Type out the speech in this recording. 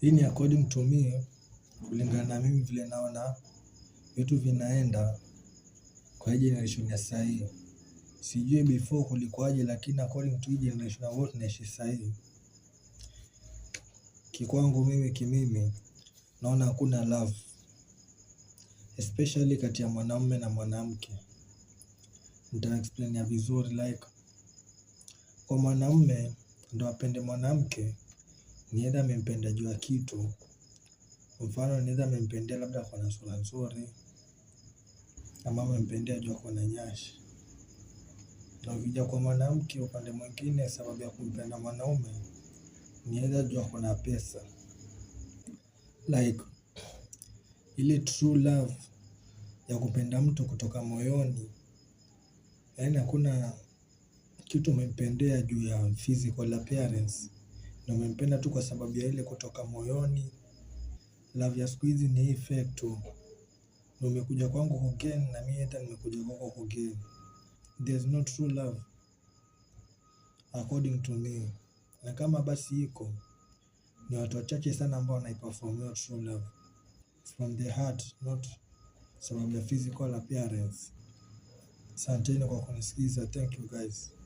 Hii ni according to me, kulingana na mimi vile naona vitu vinaenda kwa hii generation ya sasa hii. Sijui before kulikuwaje, lakini according to hii generation ambayo tunaishi sasa hii, kikwangu mimi kimimi, naona hakuna love especially kati ya mwanamume na mwanamke. Nita explain ya vizuri like, kwa mwanamume ndo apende mwanamke ni mempenda amempenda juu ya kitu, mfano ni aidha amempendea labda na sura nzuri, ama amempendea juu na nyashi. Na ukija kwa mwanamke, upande mwingine, sababu ya kumpenda mwanaume ni jua juu na pesa, like ile true love ya kupenda mtu kutoka moyoni, yaani hakuna kitu umempendea juu ya physical appearance nimempenda tu kwa sababu ya ile kutoka moyoni. Love ya siku hizi ni hii fake tu. Umekuja kwangu hugen na mimi hata nimekuja kwako hugen There's no true love according to me, na kama basi iko ni watu wachache sana ambao wanaiperform hiyo true love from the heart, not sababu ya physical appearance. Asanteni kwa kunisikiza, thank you guys.